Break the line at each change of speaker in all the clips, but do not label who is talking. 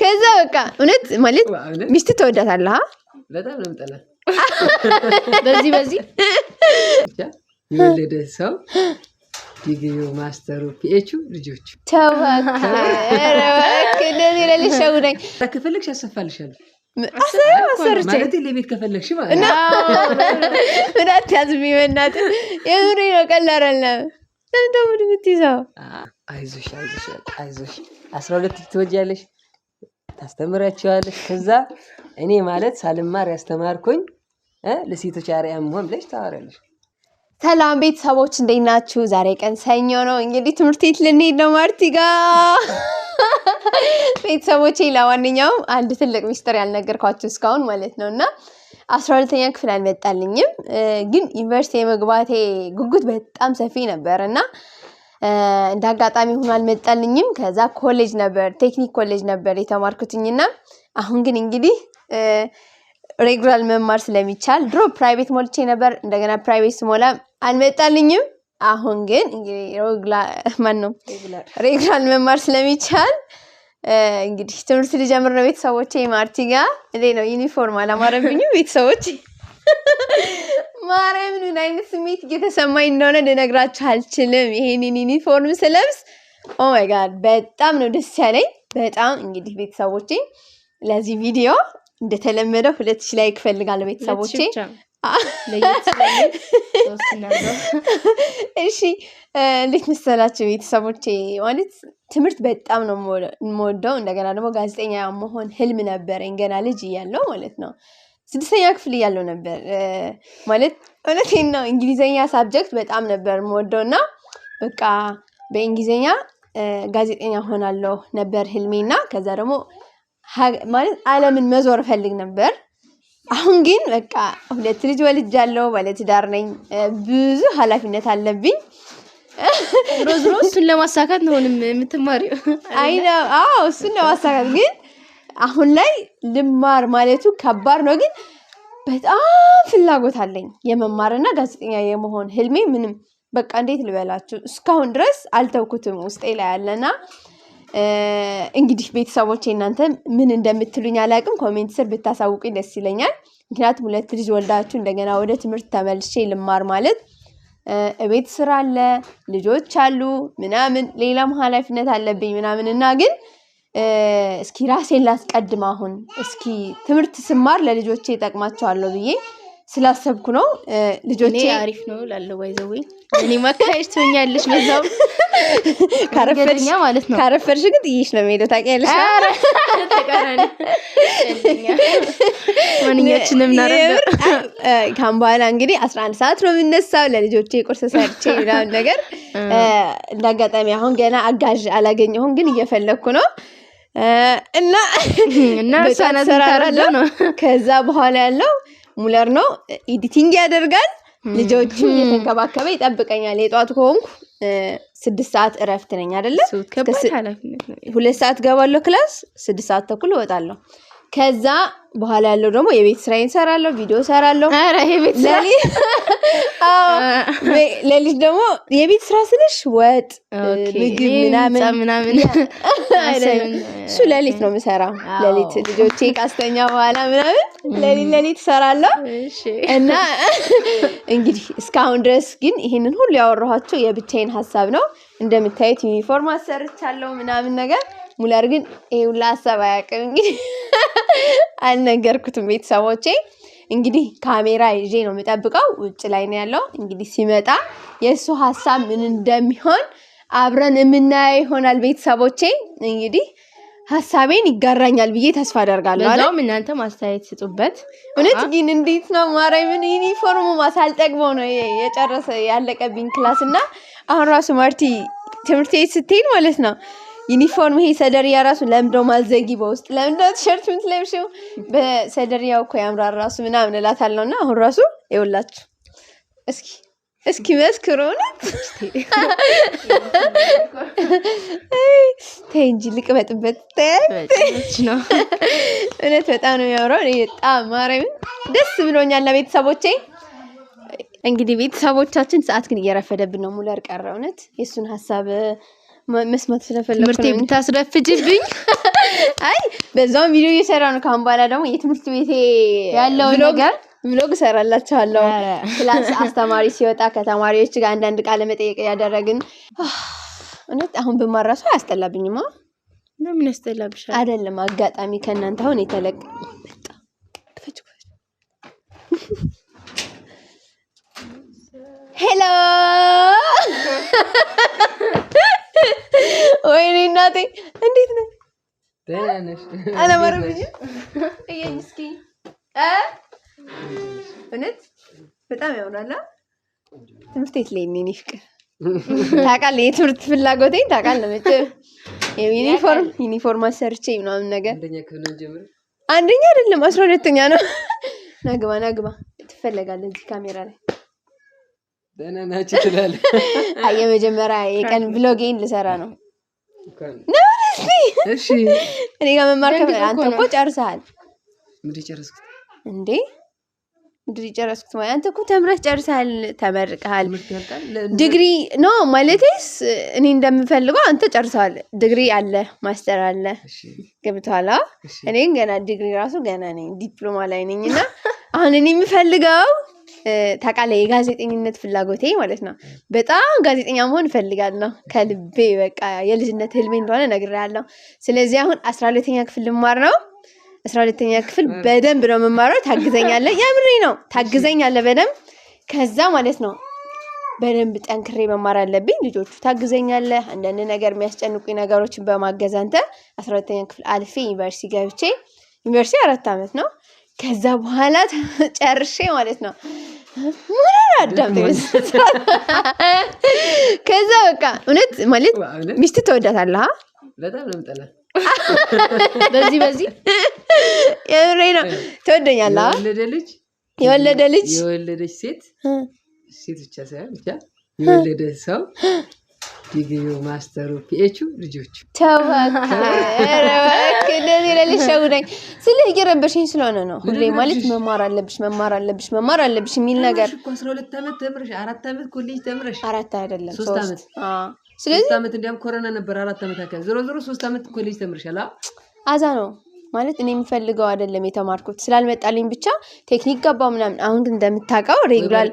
ከዛ በቃ እውነት ማለት ሚስት ተወዳታለህ?
በጣም ነው የምጠላት። በዚህ በዚህ የወለደ ሰው ዲግሪ ማስተሩ ፒኤቹ ልጆቹ ከፈለግሽ አሰፋልሻለሁ።
ምናት ያዝሚ በእናትህ የምሬ ነው። ቀላል ለምን ደግሞ የምትይዘው?
አይዞሽ አይዞሽ አይዞሽ። አስራ ሁለት ትወጃለሽ፣ ከዛ እኔ ማለት ሳልማር ያስተማርኩኝ ለሴቶች አርአያ መሆን ብለሽ ታወሪያለሽ።
ሰላም ቤተሰቦች እንዴት ናችሁ? ዛሬ ቀን ሰኞ ነው። እንግዲህ ትምህርት ቤት ልንሄድ ነው ማርቲ ጋር ቤተሰቦቼ። ለማንኛውም አንድ ትልቅ ሚስጥር ያልነገርኳችሁ እስካሁን ማለት ነው እና አስራ ሁለተኛ ክፍል አልመጣልኝም፣ ግን ዩኒቨርሲቲ የመግባቴ ጉጉት በጣም ሰፊ ነበር እና እንደ አጋጣሚ ሆኖ አልመጣልኝም። ከዛ ኮሌጅ ነበር ቴክኒክ ኮሌጅ ነበር የተማርኩትኝና አሁን ግን እንግዲህ ሬጉላል መማር ስለሚቻል ድሮ ፕራይቬት ሞልቼ ነበር። እንደገና ፕራይቬት ስሞላ አልመጣልኝም። አሁን ግን እንግዲህ ሬጉላል መማር ስለሚቻል እንግዲህ ትምህርት ልጀምር ነው ቤተሰቦቼ። ማርቲ ጋ እንዴ ነው ዩኒፎርም አላማረብኝም ቤተሰቦች። ማርያም ምን አይነት ስሜት እየተሰማኝ እንደሆነ ልነግራችሁ አልችልም። ይሄንን ዩኒፎርም ስለብስ ኦ ማይ ጋድ በጣም ነው ደስ ያለኝ። በጣም እንግዲህ ቤተሰቦቼ ለዚህ ቪዲዮ እንደተለመደው ሁለት ሺ ላይክ እፈልጋለሁ ቤተሰቦቼ። እሺ እንዴት መሰላቸው ቤተሰቦቼ፣ ማለት ትምህርት በጣም ነው የምወደው። እንደገና ደግሞ ጋዜጠኛ መሆን ህልም ነበረኝ ገና ልጅ እያለው ማለት ነው። ስድስተኛ ክፍል እያለው ነበር ማለት እውነቴን ነው። እንግሊዝኛ ሳብጀክት በጣም ነበር የምወደው እና በቃ በእንግሊዝኛ ጋዜጠኛ ሆናለሁ ነበር ህልሜ እና ከዛ ደግሞ ማለት አለምን መዞር ፈልግ ነበር አሁን ግን በቃ ሁለት ልጅ ወልጃለሁ፣ ባለትዳር ነኝ፣ ብዙ ኃላፊነት አለብኝ።
ዞሮ ዞሮ እሱን ለማሳካት ነው የምትማሪው?
አይ አዎ፣ እሱን ለማሳካት ግን አሁን ላይ ልማር ማለቱ ከባድ ነው፣ ግን በጣም ፍላጎት አለኝ የመማርና ጋዜጠኛ የመሆን ህልሜ ምንም በቃ እንዴት ልበላችሁ እስካሁን ድረስ አልተውኩትም ውስጤ ላይ ያለና እንግዲህ ቤተሰቦቼ እናንተ ምን እንደምትሉኝ አላቅም። ኮሜንት ስር ብታሳውቁኝ ደስ ይለኛል። ምክንያቱም ሁለት ልጅ ወልዳችሁ እንደገና ወደ ትምህርት ተመልሼ ልማር ማለት እቤት ስራ አለ፣ ልጆች አሉ፣ ምናምን ሌላም ኃላፊነት አለብኝ ምናምን እና ግን እስኪ ራሴን ላስቀድም አሁን እስኪ ትምህርት ስማር ለልጆቼ ይጠቅማቸዋለሁ ብዬ ስላሰብኩ ነው። ልጆቼ
አሪፍ ነው ላለ ባይዘዌ እኔ ማካሄድ ትሆኛለሽ። በዛው
ካረፈርሽ ማለት ነው። ካረፈርሽ ግን ጥይሽ ነው የምሄደው ታውቂያለሽ።
ማንኛችንም ናረበር
ካም በኋላ እንግዲህ አስራ አንድ ሰዓት ነው የምነሳው ለልጆቼ ቁርስ ሰርቼ ምናምን ነገር። እንዳጋጣሚ አሁን ገና አጋዥ አላገኘሁም፣ ግን እየፈለግኩ ነው እና እና ነው ከዛ በኋላ ያለው ሙለር ነው ኢዲቲንግ ያደርጋል። ልጆችን እየተንከባከበ ይጠብቀኛል። የጠዋት ከሆንኩ ስድስት ሰዓት እረፍት ነኝ አይደለ? ሁለት ሰዓት ገባለሁ ክላስ፣ ስድስት ሰዓት ተኩል እወጣለሁ። ከዛ በኋላ ያለው ደግሞ የቤት ስራ እንሰራለሁ፣ ቪዲዮ ሰራለሁ። የቤት ለልጅ ደግሞ የቤት ስራ ስልሽ ወጥ፣ ምግብ ምናምን ምናምን እሱ ለሊት ነው ምሰራ። ለሊት ልጆቼ ካስተኛ በኋላ ምናምን ለሊት ለሊት ሰራለሁ እና እንግዲህ እስካሁን ድረስ ግን ይህንን ሁሉ ያወራኋቸው የብቻዬን ሀሳብ ነው። እንደምታዩት ዩኒፎርም አሰርቻለሁ ምናምን ነገር ሙለር ግን ይሄ ሁላ ሀሳብ አያውቅም። እንግዲህ አልነገርኩትም። ቤተሰቦቼ እንግዲህ ካሜራ ይዤ ነው የምጠብቀው። ውጭ ላይ ነው ያለው። እንግዲህ ሲመጣ የእሱ ሀሳብ ምን እንደሚሆን አብረን የምናየው ይሆናል። ቤተሰቦቼ እንግዲህ ሀሳቤን ይጋራኛል ብዬ ተስፋ አደርጋለሁ።
ለዛውም እናንተ ማስተያየት ስጡበት።
እውነት ግን እንዴት ነው ምን ዩኒፎርሙ ማሳልጠግበው ነው የጨረሰ ያለቀብኝ ክላስ እና አሁን ራሱ ማርቲ ትምህርት ቤት ስትሄድ ማለት ነው ዩኒፎርም ይሄ ሰደሪያ ራሱ ለምደው ማልዘጊ በውስጥ ለምደው ቲሸርት ለብሽው በሰደሪያው እኮ ያምራል ራሱ ምናምን እላታለሁ። እና አሁን ራሱ ይውላችሁ እስኪ እስኪ መስክሮ እውነት እንጂ ልቅበጥበት ነው። እውነት በጣም ነው የሚያምረው። በጣም ማርያምን ደስ ብሎኛል። ለቤተሰቦቼ እንግዲህ ቤተሰቦቻችን፣ ሰዓት ግን እየረፈደብን ነው። ሙለር ቀረ እውነት የእሱን ሀሳብ መስማት ስለፈለኩ
ትምህርት ብታስረፍጅብኝ።
አይ በዛውም ቪዲዮ እየሰራ ነው። ካሁን በኋላ ደግሞ የትምህርት ቤቴ ያለው ነገር ብሎግ እሰራላችኋለሁ። ክላስ አስተማሪ ሲወጣ ከተማሪዎች ጋር አንዳንድ ቃለ መጠየቅ ያደረግን። እውነት አሁን ብማራሱ አያስጠላብኝም
ምን ያስጠላብሻል?
አይደለም አጋጣሚ ከእናንተ አሁን የተለቀ ሄሎ ወይኔ እናቴ እንዴት ነህ? ደህና ነሽ? አላማረብኝም? እየኝ እስኪ እውነት በጣም ያምራል። ትምህርት ቤት ላይ እኔ ፍቅር ታውቃለህ፣ የትምህርት ፍላጎቴን ታውቃለህ። መቼም ዩኒፎርም ዩኒፎርም አሰርቼ ምናምን ነገር አንደኛ አይደለም አስራ ሁለተኛ ነው። ናግባ ናግባ ትፈለጋለህ እዚህ ካሜራ ላይ
ደህና ናችሁ ትላለህ።
የመጀመሪያ የቀን ብሎጌን ልሰራ ነው። እኔ ጋር መማር አንተ እኮ ጨርሰሃል እንዴ? ዲግሪ ጨረስኩት ማለት አንተ እኮ ተምረህ ጨርሰሃል፣ ተመርቀሃል። ዲግሪ ኖ ማለቴስ እኔ እንደምፈልገው አንተ ጨርሰሃል። ዲግሪ አለ፣ ማስተር አለ፣ ገብቶሃል። እኔ ገና ዲግሪ ራሱ ገና ነኝ፣ ዲፕሎማ ላይ ነኝ እና አሁን እኔ የምፈልገው ታውቃለህ፣ የጋዜጠኝነት ፍላጎቴ ማለት ነው። በጣም ጋዜጠኛ መሆን እፈልጋለሁ ከልቤ በቃ የልጅነት ህልሜ እንደሆነ እነግርሃለሁ። ስለዚህ አሁን አስራ ሁለተኛ ክፍል ልማር ነው። አስራ ሁለተኛ ክፍል በደንብ ነው የምማረው። ታግዘኛለህ፣ የምሬ ነው። ታግዘኛለህ በደንብ ከዛ ማለት ነው በደንብ ጠንክሬ መማር አለብኝ። ልጆቹ ታግዘኛለህ፣ አንዳንድ ነገር የሚያስጨንቁኝ ነገሮችን በማገዝ አንተ አስራ ሁለተኛ ክፍል አልፌ ዩኒቨርሲቲ ገብቼ ዩኒቨርሲቲ አራት ዓመት ነው ከዛ በኋላ ጨርሼ ማለት ነው ምንን አዳም ከዛ በቃ እውነት ማለት ሚስት ትወዳታለህ? በዚህ በዚህ የምሬ ነው። ትወደኛለህ? የወለደ ልጅ
የወለደች ሴት ሴት ብቻ ሳይሆን ብቻ የወለደ ሰው ዲግሪው ማስተሩ ፒኤቹ ልጆቹ
እንደዚህ ለልሽ ሸውደኝ ስለ እየረበሽኝ ስለሆነ ነው። ሁሌ ማለት መማር አለብሽ መማር አለብሽ መማር አለብሽ የሚል ነገር
አስራ ሁለት ዓመት ተምረሽ አራት ዓመት ኮሌጅ ተምረሽ
አራት አይደለም
ሶስት ዓመት ስለዚህ ዓመት እንዲያውም ኮረና ነበር አራት ዓመት አካባቢ ዞሮ ዞሮ ሶስት ዓመት ኮሌጅ ተምርሻል።
አዛ ነው ማለት እኔ የሚፈልገው አይደለም የተማርኩት ስላልመጣልኝ ብቻ ቴክኒክ ጋባ ምናምን። አሁን ግን እንደምታውቀው ሬጉላር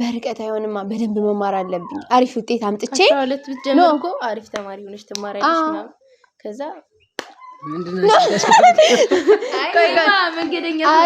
በርቀት አይሆንማ፣ በደንብ መማር አለብኝ። አሪፍ ውጤት አምጥቼ
ሁለት ብትጀምር እኮ አሪፍ ተማሪ ሆነች ትማሪያለች። ከዛ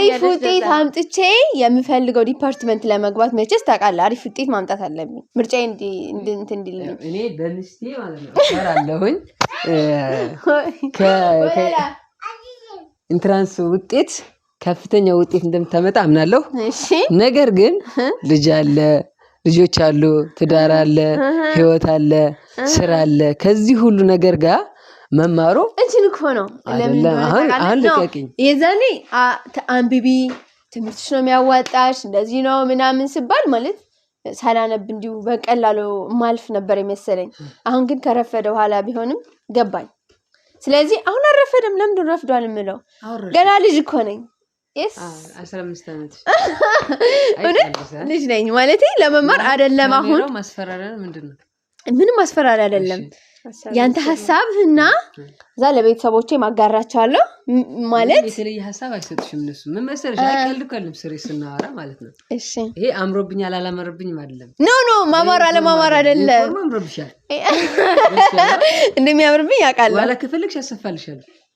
አሪፍ ውጤት አምጥቼ የምፈልገው ዲፓርትመንት ለመግባት መቼስ ታውቃለህ፣ አሪፍ ውጤት ማምጣት አለብኝ። ምርጫ እንትን እንዲልኝ
እኔ በሚስቴ ማለት ነው እሰራለሁኝ። ኢንትራንስ ውጤት ከፍተኛ ውጤት እንደምታመጣ አምናለሁ። ነገር ግን ልጅ አለ፣ ልጆች አሉ፣ ትዳር አለ፣ ህይወት አለ፣ ስራ አለ። ከዚህ ሁሉ ነገር ጋር መማሩ
እንትን እኮ ነው። አሁን ልቀቅኝ፣ የዛኔ አንብቢ፣ ትምህርትሽ ነው የሚያዋጣሽ፣ እንደዚህ ነው ምናምን ስባል ማለት ሳላነብ እንዲሁ በቀላሉ ማልፍ ነበር የመሰለኝ። አሁን ግን ከረፈደ በኋላ ቢሆንም ገባኝ። ስለዚህ አሁን አረፈደም። ለምንድን ረፍዷል የምለው ገና ልጅ እኮ ነኝ። ልጅ ነኝ ማለት ለመማር አይደለም። አሁን ምንም ማስፈራሪያ አይደለም። ያንተ ሀሳብ እና እዛ ለቤተሰቦቼ ማጋራቸዋለሁ ማለት
የተለየ ሀሳብ አይሰጥሽም። እነሱ ምን መሰለሽ ስሬ ስናወራ ማለት ነው። እሺ ይሄ አምሮብኝ አይደለም።
ኖ ኖ ማማር አለማማር አይደለም። አምሮብሻል፣ እንደሚያምርብኝ ዋላ ከፈለግሽ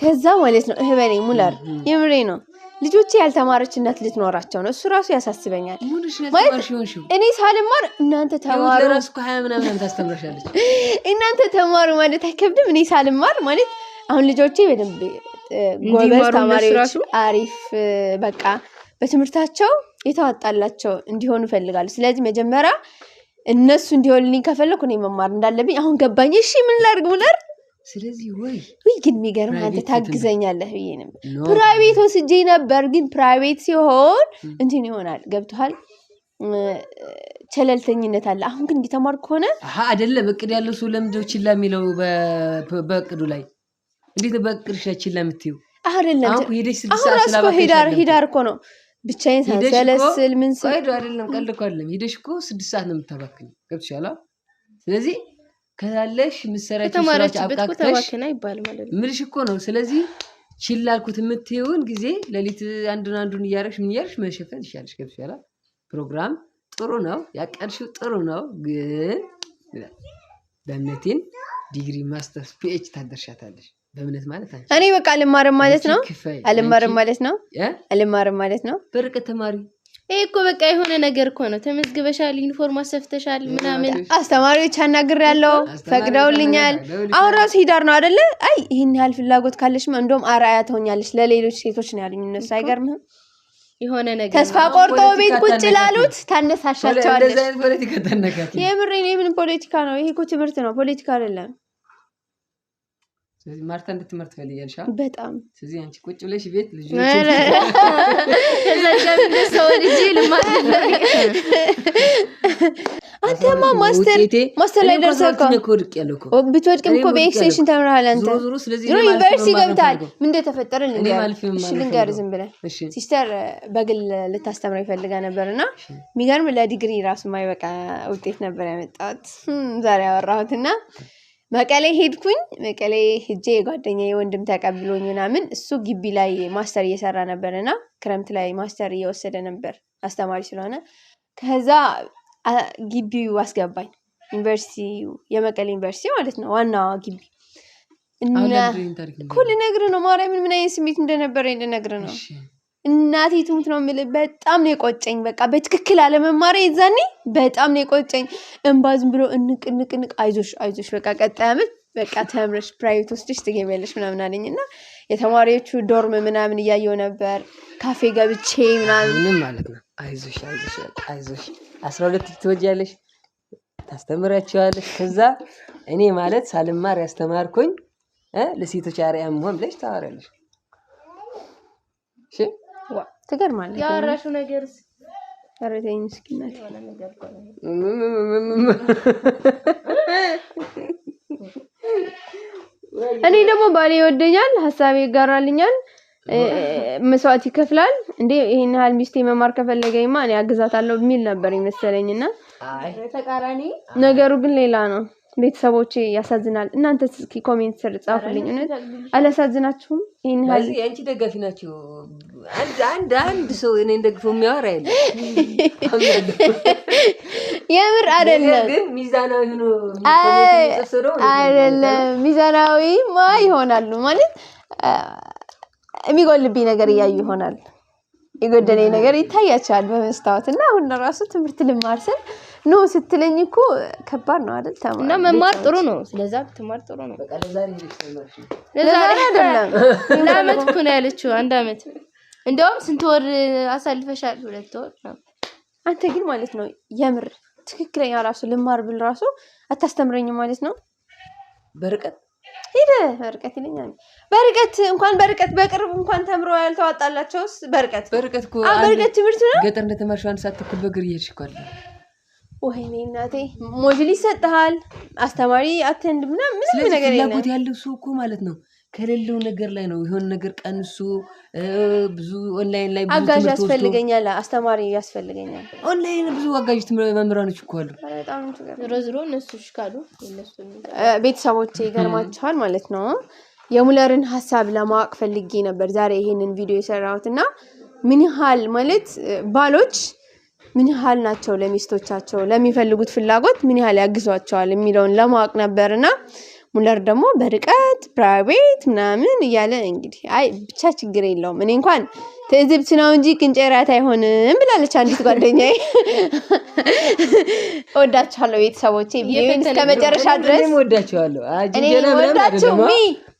ከዛ ማለት ነው እህ በለኝ ሙላር፣ የምሬ ነው። ልጆቼ ያልተማረች እናት ልትኖራቸው ነው። እሱ ራሱ ያሳስበኛል። እኔ ሳልማር እናንተ ተማሩ፣ እናንተ ተማሩ ማለት አይከብድም። እኔ ሳልማር ማለት አሁን ልጆቼ በደንብ ጎበዝ ተማሪዎች፣ አሪፍ በቃ በትምህርታቸው የተዋጣላቸው እንዲሆኑ እፈልጋለሁ። ስለዚህ መጀመሪያ እነሱ እንዲሆንልኝ ከፈለኩ እኔ መማር እንዳለብኝ አሁን ገባኝ። እሺ ምን ላድርግ ሙላር
ስለዚህ ወይ
ወይ ግን የሚገርም አንተ ታግዘኛለህ ብዬ ነበር። ፕራይቬት ወስጄ ነበር፣ ግን ፕራይቬት ሲሆን እንትን ይሆናል። ገብቶሃል? ቸለልተኝነት አለ። አሁን ግን እየተማር ከሆነ
አይደለም እቅድ ያለው ሰው ለምንድነው ችላ የሚለው? በእቅዱ ላይ እንዴት በእቅድ ችላ የምትይው? አይደለም አሁን ሂዳር እኮ ነው
ብቻዬን ሳንሰለስል
ምን ስል አይደለም፣ ቀልድ እኮ አይደለም። ሄደሽ እኮ ስድስት ሰዓት ነው የምታባክኝ። ገብቶሻል? ስለዚህ ከላለሽ የምትሰራቸው
ስራች አብቃቅተሽ
ምልሽ እኮ ነው። ስለዚህ ችላልኩት አልኩት የምትይውን ጊዜ ሌሊት አንዱን አንዱን እያረሽ ምን እያረሽ መሸፈን ይሻለሽ። ገብሽ ያላ ፕሮግራም ጥሩ ነው፣ ያቀድሽው ጥሩ ነው። ግን በእምነቴን ዲግሪ ማስተርስ ፒኤች ታደርሻታለሽ። በእምነት ማለት
አንቺ እኔ በቃ አልማርም ማለት ነው። አልማርም ማለት ነው። አልማርም ማለት ነው።
በርቀት ተማሪ
ይሄ እኮ በቃ የሆነ ነገር እኮ ነው። ተመዝግበሻል፣ ዩኒፎርም አሰፍተሻል ምናምን አስተማሪዎች አናግር ያለው ፈቅደውልኛል። አሁን ራሱ ሂዳር ነው አደለ? አይ ይህን ያህል ፍላጎት ካለሽማ እንደውም አርአያ ትሆኛለሽ ለሌሎች ሴቶች ነው ያሉኝ እነሱ። አይገርምህም? የሆነ ነገር ተስፋ ቆርጠው ቤት ቁጭ ላሉት ታነሳሻቸዋለሽ። የምሬን የምን ፖለቲካ ነው ይሄ? እኮ ትምህርት ነው፣ ፖለቲካ አይደለም።
ስለዚህ ማርታ እንድትመር ትፈልጊያለሽ? በጣም ስለዚህ አንቺ ቁጭ ብለሽ ቤት
አንተማ ማስተር ማስተር ላይ ደርሰህ ብትወድቅም እኮ በኤክስቴንሽን ተምረሃል። አንተ ዩኒቨርሲቲ ገብተሃል። ምን እንደተፈጠረ ልንገርህ ዝም ብለን። ሲስተር በግል ልታስተምረው ይፈልጋ ነበር እና የሚገርም ለዲግሪ ራሱ የማይበቃ ውጤት ነበር ያመጣሁት ዛሬ ያወራሁት እና መቀሌ ሄድኩኝ። መቀሌ ሄጄ የጓደኛ የወንድም ተቀብሎኝ ምናምን እሱ ግቢ ላይ ማስተር እየሰራ ነበር እና ክረምት ላይ ማስተር እየወሰደ ነበር አስተማሪ ስለሆነ። ከዛ ግቢው አስገባኝ ዩኒቨርሲቲ፣ የመቀሌ ዩኒቨርሲቲ ማለት ነው ዋና ግቢ። እኮ ልነግርህ ነው ማርያምን ምን አይነት ስሜት እንደነበረ ልነግርህ ነው። እናቴ ትሙት ነው የምልህ። በጣም ነው የቆጨኝ። በቃ በትክክል አለመማር የዛኔ በጣም ነው የቆጨኝ። እንባ ዝም ብሎ እንቅ እንቅ እንቅ፣ አይዞሽ አይዞሽ፣ በቃ ቀጣይ ዓመት በቃ ተምረሽ ፕራይቬት ወስደሽ ትገቢያለሽ ምናምን አለኝ እና የተማሪዎቹ ዶርም ምናምን እያየው ነበር። ካፌ ገብቼ ምናምን
ምን ማለት ነው? አይዞሽ አይዞሽ አይዞሽ፣ አስራ ሁለት ትወጃለሽ፣ ታስተምራችኋለሽ። ከዛ እኔ ማለት ሳልማር ያስተማርኩኝ ለሴቶች አርአያ መሆን ብለሽ ታወራለሽ።
ትገርማለህ።
ያወራሽው ነገር
ረተኝ ምስኪናት እኔ ደግሞ ባሌ ይወደኛል፣ ሀሳቤ ይጋራልኛል፣ መስዋዕት ይከፍላል። እንዴ ይሄን ያህል ሚስቴ መማር ከፈለገኝማ እኔ አግዛታለሁ የሚል ነበር የመሰለኝና ተቃራኒ ነገሩ ግን ሌላ ነው። ቤተሰቦቼ ያሳዝናል። እናንተ እስኪ ኮሜንት ስር ጻፉልኝ። እውነት አላሳዝናችሁም?
ይህን ያህል የአንቺ ደጋፊ ናቸው። አንድ አንድ ሰው እኔን ደግፎ የሚያወራ የለ።
የምር አይደለም፣ ሚዛናዊ አይደለም። ሚዛናዊ ማ ይሆናሉ ማለት የሚጎልብኝ ነገር እያዩ ይሆናል የጎደለኝ ነገር ይታያቸዋል በመስታወት እና አሁን ራሱ ትምህርት ልማር ስል ኖ ስትለኝ እኮ ከባድ ነው አይደል? ተማር
እና መማር ጥሩ ነው። ስለዛ ትማር ጥሩ ነው።
ለዛሬ አይደለም እንደ አመት እኮ ነው ያለችው። አንድ አመት እንደውም ስንት ወር አሳልፈሻል? ሁለት ወር። አንተ ግን ማለት ነው የምር ትክክለኛ ራሱ ልማር ብል ራሱ አታስተምረኝም ማለት ነው በርቀት ሂደ በርቀት ይለኛል። በርቀት እንኳን በርቀት በቅርብ እንኳን ተምሮ ያልተዋጣላቸውስ በርቀት በርቀት በርቀት ትምህርት ነው።
ገጠር እንደተማርሽ አንድ ሰዓት ተኩል በእግር እየሄድሽ እኮ አለ።
ወይኔ እናቴ ሞጅል ይሰጥሃል አስተማሪ አቴንድ ምናምን ምንም ነገር
የለም። ፍላጎት ያለው ሰው እኮ ማለት ነው ከሌለው ነገር ላይ ነው የሆነ ነገር ቀንሶ ብዙ ኦንላይን ላይ
አጋዥ ያስፈልገኛል፣ አስተማሪ ያስፈልገኛል።
ኦንላይን ብዙ አጋዥ መምህራኖች እኮ
አሉ። ዝሮ እነሱ ካሉ
ቤተሰቦቼ ይገርማችኋል ማለት ነው። የሙለርን ሀሳብ ለማወቅ ፈልጌ ነበር ዛሬ ይሄንን ቪዲዮ የሰራሁት እና ምን ያህል ማለት ባሎች ምን ያህል ናቸው ለሚስቶቻቸው ለሚፈልጉት ፍላጎት ምን ያህል ያግዟቸዋል የሚለውን ለማወቅ ነበር እና ሙለር ደግሞ በርቀት ፕራይቬት ምናምን እያለ እንግዲህ አይ ብቻ ችግር የለውም። እኔ እንኳን ትዕዝብት ነው እንጂ ቅንጨራት አይሆንም ብላለች አንዲት ጓደኛዬ። እወዳችኋለሁ ቤተሰቦቼ፣ እስከ መጨረሻ ድረስ እኔም እወዳችኋለሁ።